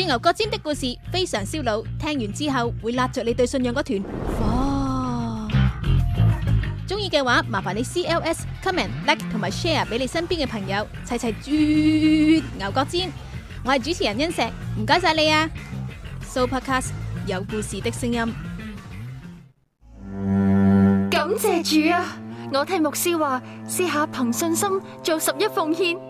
《鑽牛角尖》的故事非常燒腦，聽完之後會拉著你對信仰嗰團火。中意嘅話，麻煩你 C L S comment like 同埋 share 俾你身邊嘅朋友，齊齊鑽牛角尖。我係主持人恩石，唔該晒你啊！Sooopodcast 有故事的聲音，感謝主啊！我聽牧師話，試下憑信心做十一奉獻。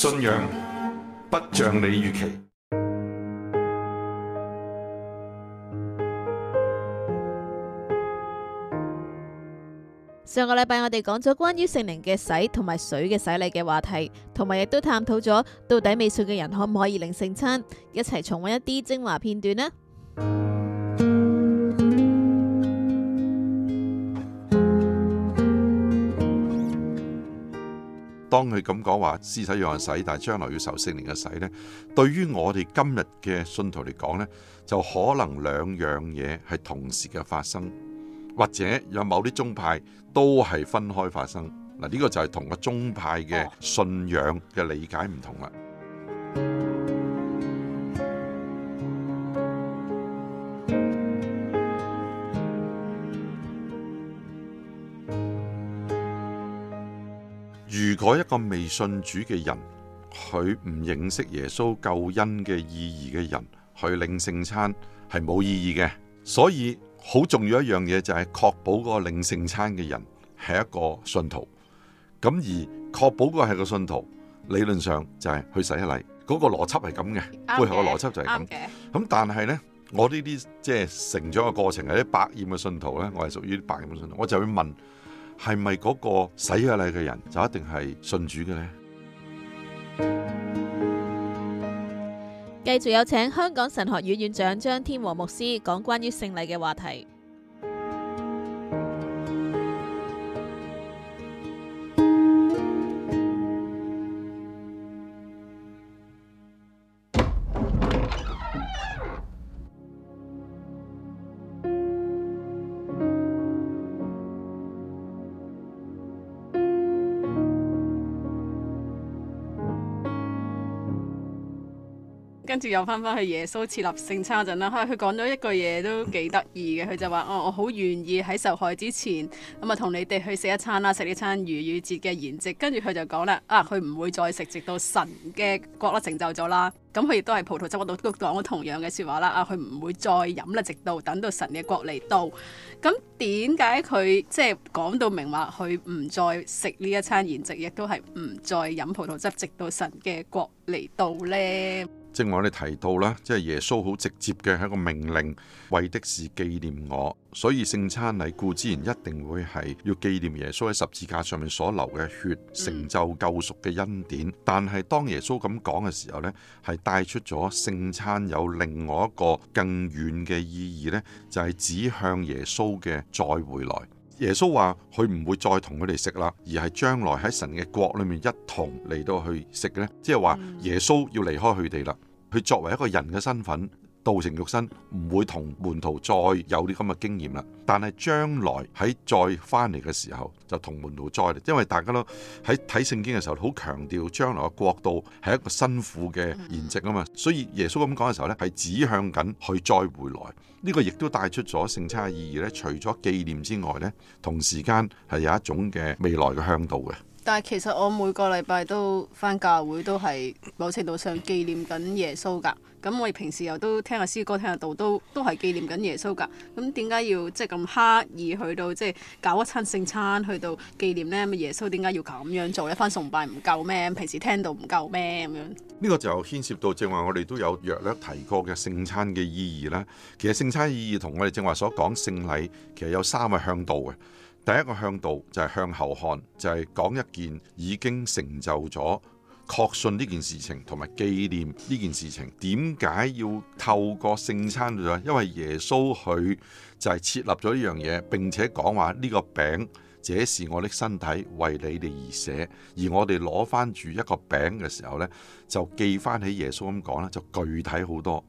信仰不像你預期。上個禮拜我哋講咗關於聖靈嘅洗同埋水嘅洗禮嘅話題，同埋亦都探討咗到底未信嘅人可唔可以領聖餐。一齊重溫一啲精華片段啦！當佢咁講話，屍體有人洗，但係將來要受聖靈嘅洗咧，對於我哋今日嘅信徒嚟講呢，就可能兩樣嘢係同時嘅發生，或者有某啲宗派都係分開發生。嗱，呢個就係同個宗派嘅信仰嘅理解唔同啦。如一個未信主嘅人，佢唔認識耶穌救恩嘅意義嘅人，去領聖餐係冇意義嘅。所以好重要一樣嘢就係確保個領聖餐嘅人係一個信徒。咁而確保個係個信徒，理論上就係去洗洗禮。嗰、那個邏輯係咁嘅，背後嘅邏輯就係咁。咁 Okay, okay. 但係呢，我呢啲即係成長嘅過程嘅啲百厭嘅信徒呢。我係屬於百厭嘅信徒，我就會問。係咪嗰個洗下禮嘅人就一定係信主嘅呢？繼續有請香港神學院院長張天和牧師講關於聖禮嘅話題。跟住又翻返去耶穌設立聖餐嗰陣啦。佢講咗一句嘢都幾得意嘅。佢就話：哦，我好願意喺受害之前咁啊，同你哋去食一餐啦，食呢餐逾越節嘅筵席。跟住佢就講啦：啊，佢唔會再食，直到神嘅國啦成就咗啦。咁佢亦都係葡萄汁嗰度都講咗同樣嘅説話啦。啊，佢唔會再飲啦，直到等到神嘅國嚟到。咁點解佢即係講到明話，佢唔再食呢一餐筵席，亦都係唔再飲葡萄汁，直到神嘅國嚟到呢？正如我哋提到啦，即係耶穌好直接嘅係一個命令，為的是紀念我，所以聖餐禮固之然一定會係要紀念耶穌喺十字架上面所流嘅血，成就救贖嘅恩典。但係當耶穌咁講嘅時候咧，係帶出咗聖餐有另外一個更遠嘅意義咧，就係指向耶穌嘅再回來。耶穌話佢唔會再同佢哋食啦，而係將來喺神嘅國裏面一同嚟到去食嘅，即係話耶穌要離開佢哋啦。佢作為一個人嘅身份，道成肉身唔會同門徒再有啲咁嘅經驗啦。但係將來喺再翻嚟嘅時候，就同門徒再嚟，因為大家都喺睇聖經嘅時候好強調將來嘅國度係一個辛苦嘅延續啊嘛。所以耶穌咁講嘅時候呢，係指向緊佢再回來。呢、呢個亦都帶出咗聖餐嘅意義呢，除咗紀念之外呢，同時間係有一種嘅未來嘅嚮導嘅。但係其實我每個禮拜都返教會，都係某程度上紀念緊耶穌㗎。咁我哋平時又都聽阿詩歌，聽下道，都都係紀念緊耶穌㗎。咁點解要即係咁刻意去到即係、就是、搞一餐聖餐去到紀念呢？咪耶穌點解要咁樣做呢？一返崇拜唔夠咩？平時聽到唔夠咩？咁樣呢個就牽涉到正話我哋都有略略提過嘅聖餐嘅意義啦。其實聖餐意義同我哋正話所講聖禮其實有三個向度嘅。第一個向度就係、是、向後看，就係、是、講一件已經成就咗，確信呢件事情同埋紀念呢件事情。點解要透過聖餐？因為耶穌佢就係設立咗呢樣嘢，並且講話呢個餅，這是我的身體，為你哋而捨。而我哋攞翻住一個餅嘅時候呢就記翻起耶穌咁講咧，就具體好多，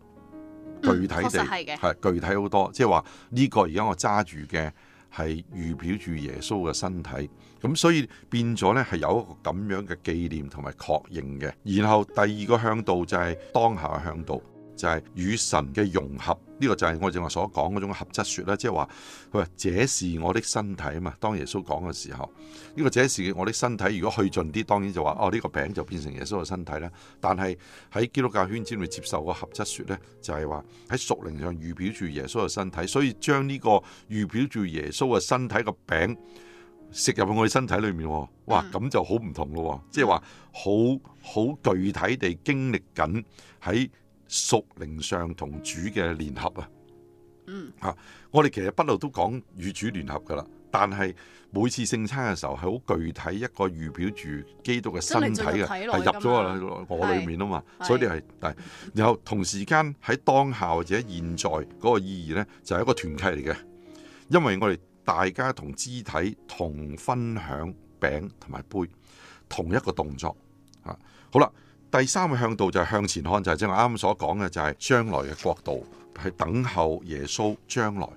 具體地係、嗯、具體好多。即係話呢個而家我揸住嘅。係預表住耶穌嘅身體，咁所以變咗咧係有一個咁樣嘅紀念同埋確認嘅。然後第二個向道就係當下向道。就係與神嘅融合，呢個就係我正話所講嗰種合質説啦。即係話佢話，這是我的身體啊嘛。當耶穌講嘅時候，呢個這是我的身體。如果去盡啲，當然就話哦，呢個餅就變成耶穌嘅身體啦。但係喺基督教圈先會接受個合質説呢，就係話喺屬靈上預表住耶穌嘅身體，所以將呢個預表住耶穌嘅身體嘅餅食入去我哋身體裏面，哇，咁就好唔同咯。即係話好好具體地經歷緊喺屬靈上同主嘅聯合啊，嗯啊，我哋其實不嬲都講與主聯合噶啦，但係每次聖餐嘅時候係好具體一個預表住基督嘅身體嘅，係入咗我裏面啊嘛，嗯、所以你係係，然後同時間喺當下或者現在嗰個意義呢，就係、係、一個團契嚟嘅，因為我哋大家同肢體同分享餅同埋杯，同一個動作啊，好啦。第三個向度就係向前看，就係即係我啱啱所講嘅，就係將來嘅國度係等候耶穌將來。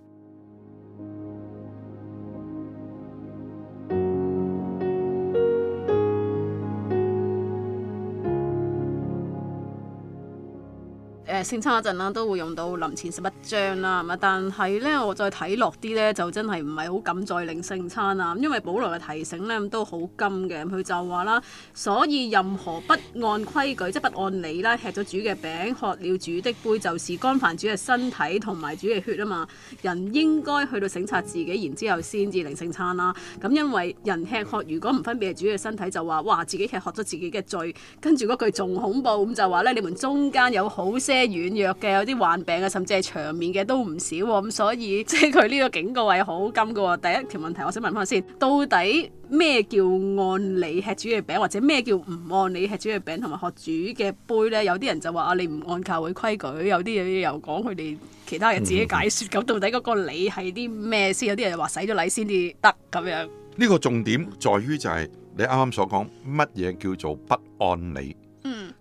聖餐嗰陣啦，都會用到林前十一章啦，咁啊，但係咧，我再睇落啲咧，就真係唔係好敢再領聖餐啊！因為保羅嘅提醒咧，都好金嘅，佢就話啦，所以任何不按規矩，即係不按理啦，吃咗主嘅餅，喝了主的杯，就是干犯主嘅身體同埋主嘅血啊嘛！人應該去到省察自己，然之後先至領聖餐啦。咁因為人吃喝，如果唔分別係主嘅身體，就話哇，自己吃喝咗自己嘅罪。跟住嗰句仲恐怖咁就話咧，你們中間有好些，軟弱嘅，有啲患病啊，甚至係長眠嘅都唔少，咁所以即係佢呢個警告位好金嘅。第一條問題，我想問翻先，到底咩叫按理吃主嘅餅，或者咩叫唔按理吃主嘅餅，同埋學主嘅杯呢？有啲人就話啊，你唔按教會規矩，有啲嘢又講佢哋其他嘢自己解説咁。嗯、到底嗰個理係啲咩先？有啲人又話洗咗禮先至得咁樣。呢個重點在於就係你啱啱所講乜嘢叫做不按理。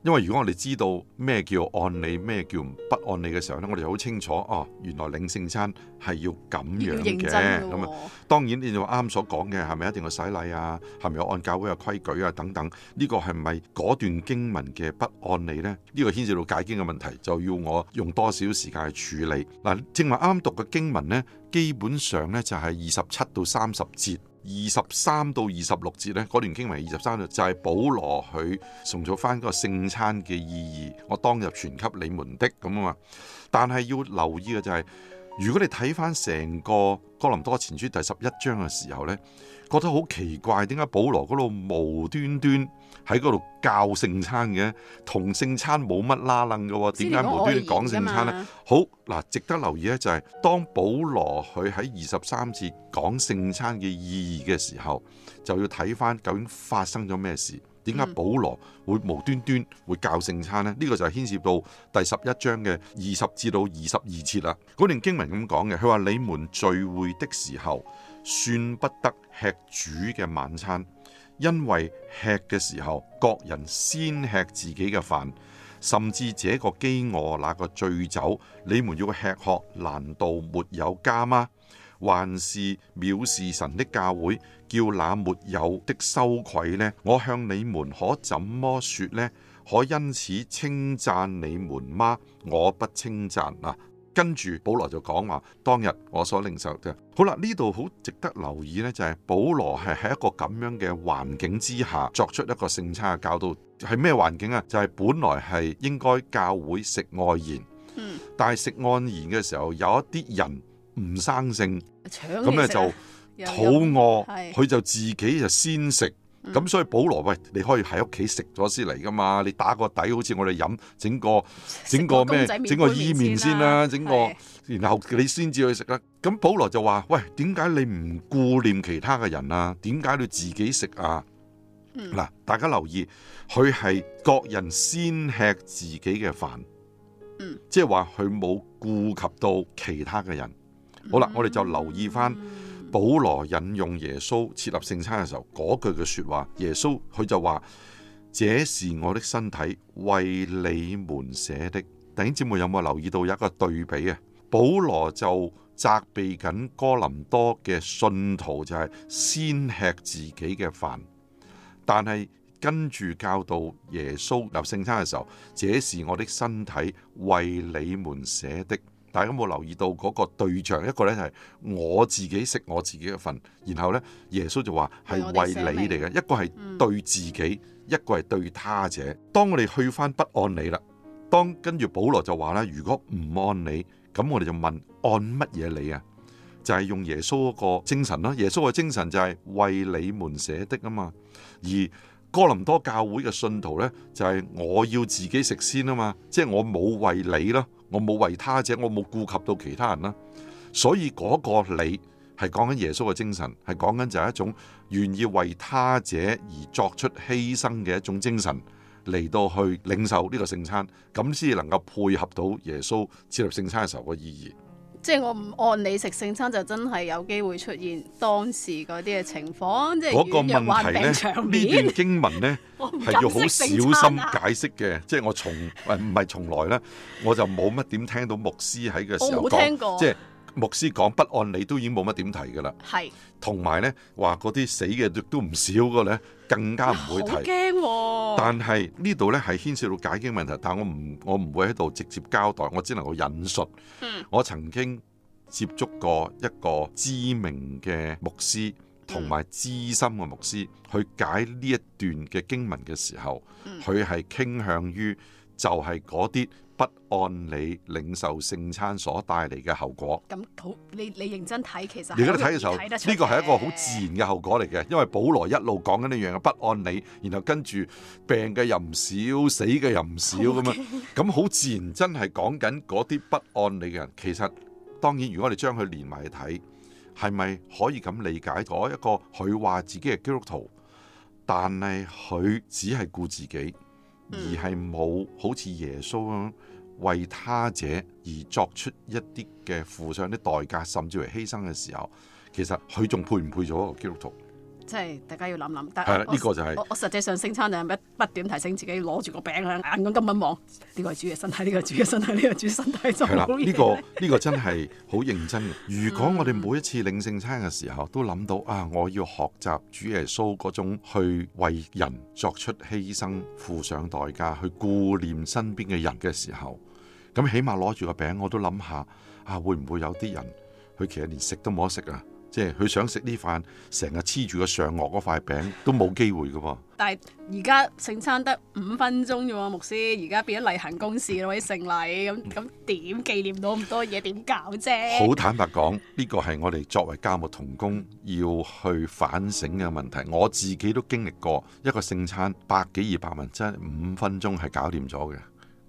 因為如果我哋知道咩叫按理，咩叫不按理嘅時候呢，我哋好清楚哦，原來領聖餐係要咁樣嘅。咁啊、哦，當然你又啱所講嘅係咪一定要洗禮啊？係咪要按教會嘅規矩啊？等等，呢、呢個係咪嗰段經文嘅不按理呢？呢、呢個牽涉到解經嘅問題，就要我用多少時間去處理嗱？正話啱讀嘅經文呢，基本上呢就係二十七到三十節。二十三到二十六節呢，嗰段經文二十三到就係保羅佢送咗翻嗰個聖餐嘅意義，我當日傳給你們的咁啊嘛。但係要留意嘅就係，如果你睇翻成個哥林多前書第十一章嘅時候呢。覺得好奇怪，點解保羅嗰度無端端喺嗰度教聖餐嘅？同聖餐冇乜拉楞嘅喎，點解無端端講聖餐呢？好嗱，值得留意咧、就係，就係當保羅佢喺二十三節講聖餐嘅意義嘅時候，就要睇翻究竟發生咗咩事？點解保羅會無端端會教聖餐呢？呢、呢個就係牽涉到第十一章嘅二十至到二十二節啦。嗰段經文咁講嘅，佢話你們聚會的時候。算不得吃主嘅晚餐，因為吃嘅時候各人先吃自己嘅飯，甚至這個飢餓那個醉酒，你們要吃喝，難道沒有家嗎？還是藐視神的教會，叫那沒有的羞愧呢？我向你們可怎麼說呢？可因此稱讚你們嗎？我不稱讚啊！跟住，保羅就講話：當日我所領受嘅。好啦，呢度好值得留意呢，就係、是、保羅係喺一個咁樣嘅環境之下作出一個聖餐嘅教導。係咩環境啊？就係、是、本來係應該教會食愛筵，嗯、但係食愛筵嘅時候有一啲人唔生性，咁咧、嗯、就、啊、肚餓餓，佢是就自己就先食。咁、嗯、所以保羅喂，你可以喺屋企食咗先嚟噶嘛？你打個底，好似我哋飲整個整個咩，整個意麵先啦，整個，整個個整個然後你先至去食啦、啊。咁保羅就話：喂，點解你唔顧念其他嘅人啊？點解你自己食啊？嗱、嗯，大家留意，佢係各人先吃自己嘅飯，嗯、即係話佢冇顧及到其他嘅人。好啦，嗯、我哋就留意翻。保羅引用耶穌設立聖餐嘅時候嗰句嘅說話，耶穌佢就話，這是我的身體為你們寫的。頂節目有冇留意到有一個對比啊？保羅就責備緊哥林多嘅信徒就係先吃自己嘅飯，但係跟住教導耶穌立聖餐嘅時候，這是我的身體為你們寫的。大家有冇留意到嗰個對象？一個呢係我自己食我自己嘅份，然後呢，耶穌就話係為你嚟嘅。一個係對自己，嗯、一個係對他者。當我哋去返不按理啦，當跟住保羅就話咧，如果唔按理，咁我哋就問按乜嘢理啊？就係、是、用耶穌嗰個精神咯。耶穌嘅精神就係為你們捨的啊嘛。而哥林多教會嘅信徒呢，就係我要自己食先啊嘛，即、就、係、是、我冇為你咯。我冇為他者，我冇顧及到其他人啦，啊，所以嗰個你係講緊耶穌嘅精神，係講緊就係一種願意為他者而作出犧牲嘅一種精神嚟到去領受呢個聖餐，咁先至能夠配合到耶穌設立聖餐嘅時候嘅意義。即係我唔按理食聖餐就真係有機會出現當時嗰啲嘅情況，即係軟弱患病場面，嗰個問題咧，呢段經文咧係 不敢 要好小心解釋嘅， 即係我從誒唔係從來咧，我就冇乜點聽到牧師喺嘅時候講 說，聽過即係。牧師講不按理都已經冇乜點提㗎喇，係同埋咧話嗰啲死嘅亦都唔少嘅咧，更加唔會提。驚、哦，但係呢度咧係牽涉到解經問題，但我唔我唔會喺度直接交代，我只能夠引述。嗯、我曾經接觸過一個知名嘅牧師同埋資深嘅牧師去解呢一段嘅經文嘅時候，佢係、嗯、傾向於。就係嗰啲不按理領受聖餐所帶嚟嘅後果。咁好，你你認真睇其實，而家都睇嘅時候，呢個係一個好自然嘅後果嚟嘅，的因為保羅一路講緊一樣嘅不按理，然後跟住病嘅又唔少，死嘅又唔少咁啊。咁好自然，真係講緊嗰啲不按理嘅人。其實當然，如果我哋將佢連埋去睇，係咪可以咁理解嗰一個佢話自己係基督徒，但係佢只係顧自己？而係冇好似耶穌咁為他者而作出一啲嘅付上啲代價，甚至為犧牲嘅時候，其實佢仲配唔配做一個基督徒？即係大家要諗諗，但係呢的我個就係、是、我，我實際上聖餐就係咩？不斷提醒自己，攞住個餅啊，眼甘甘噉望，呢個主嘅身體，呢、 呢個主嘅身體，呢個主身體就係呢個呢個真係好認真嘅。如果我哋每一次領聖餐嘅時候都諗到啊，我要學習主耶穌嗰種去為人作出犧牲、付上代價、去顧念身邊嘅人嘅時候，咁起碼攞住個餅我都諗下啊，會唔會有啲人佢其實連食都冇得食啊？即係佢想食啲飯，成日黐住個上顎嗰塊餅都冇機會㗎喎。但係而家聖餐得五分鐘啫喎，牧師，而家變咗例行公事咯，啲聖禮咁咁點紀念到咁多嘢？點搞啫？好坦白講，呢個係我哋作為教牧同工要去反省嘅問題。我自己都經歷過一個聖餐百幾二百文，真係五分鐘係搞掂咗嘅。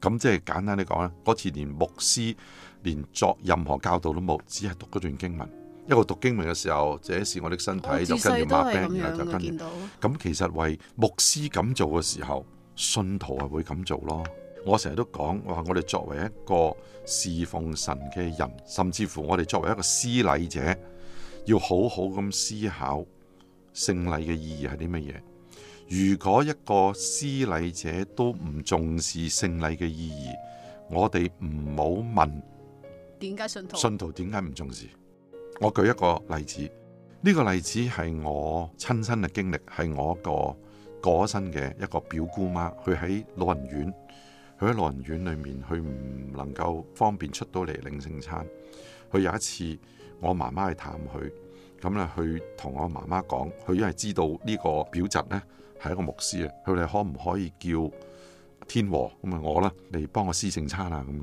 咁即係簡單啲講啦，嗰次連牧師連作任何教導都冇，只係讀嗰段經文。一個讀經文嘅時候，這是我的身體，就自跟住抹餅，然後就跟住着。咁到其實為牧師咁做嘅時候，信徒係會咁做咯。我成日都講，話，我哋作為一個侍奉神嘅人，甚至乎我哋作為一個施禮者，要好好咁思考聖禮嘅意義係啲乜嘢。如果一個施禮者都唔重視聖禮嘅意義，我哋唔好問點解信徒信徒點解唔重視。我舉一個例子，呢個例子係我親身嘅經歷，係我一個過咗身嘅一個表姑媽，佢喺老人院，佢喺老人院裏面，佢唔能夠方便出到嚟領聖餐。佢有一次，我媽媽去探佢，咁咧佢同我媽媽講，佢因為知道呢個表侄呢係一個牧師啊，佢哋可唔可以叫天和，咁啊，我啦嚟幫我施聖餐啊咁。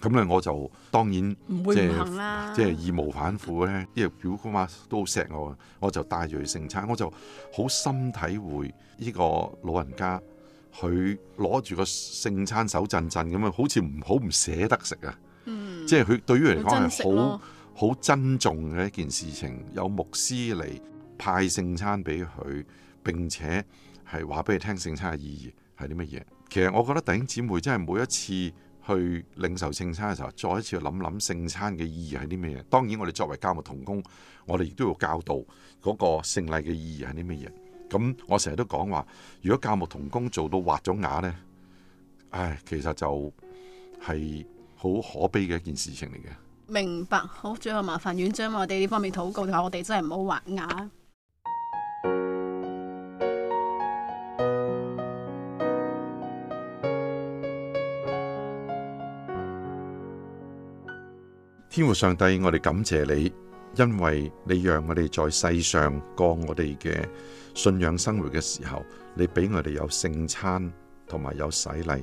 咁咧，我就當然不，不啦，即係即係義無反顧咧。因為表姑媽都好錫我，我就帶住去聖餐，我就好深體會呢個老人家，佢攞住個聖餐手震震咁樣，好似唔好唔捨得食啊。嗯，即係佢對於嚟講係好好珍重嘅一件事情，有牧師嚟派聖餐俾佢，並且係話俾佢聽聖餐嘅意義係啲乜嘢。其實我覺得弟兄姊妹真係每一次去領受聖餐嘅時候，再一次去諗諗聖餐嘅意義係啲咩嘢？當然，我哋作為教牧同工，我哋亦都要教導嗰個聖禮嘅意義係啲咩嘢。咁我成日都講話，如果教牧同工做到滑咗牙呢，唉，其實就係好可悲嘅一件事情嚟嘅。明白，好，最後麻煩院長，我哋呢方面禱告嘅話，我哋真係唔好滑牙。天父上帝，我哋感謝你，因為你讓我哋在世上過我哋嘅信仰生活嘅時候，你俾我哋有聖餐同埋有洗禮，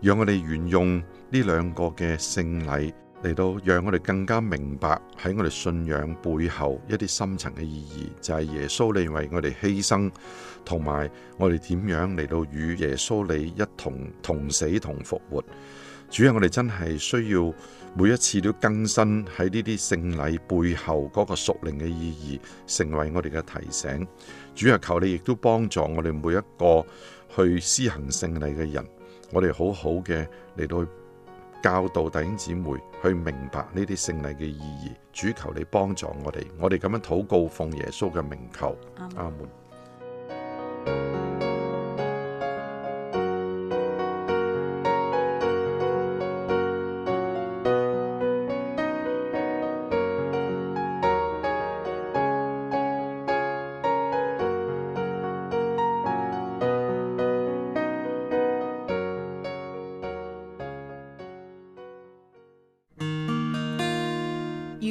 讓我哋沿用呢兩個嘅聖禮嚟到，讓我哋更加明白喺我哋信仰背後一啲深層嘅意義，就係耶穌你為我哋犧牲，同埋我哋點樣嚟到與耶穌你一同同死同復活。主啊，我哋真係需要每一次都更新喺呢啲聖禮背後嗰個屬靈嘅意義，成為我哋嘅提醒。主啊，求你亦都幫助我哋每一個去施行聖禮嘅人，我哋好好嘅嚟到教導弟兄姊妹去明白呢啲聖禮嘅意義。主求你幫助我哋，我哋咁樣禱告，奉耶穌嘅名求。阿門。阿門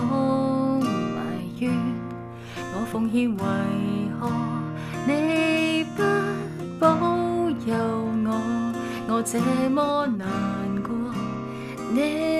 埋怨我奉獻，為何你不保佑我？我這麼難過。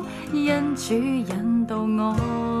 因主引導我。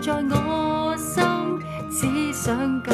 在我心，只想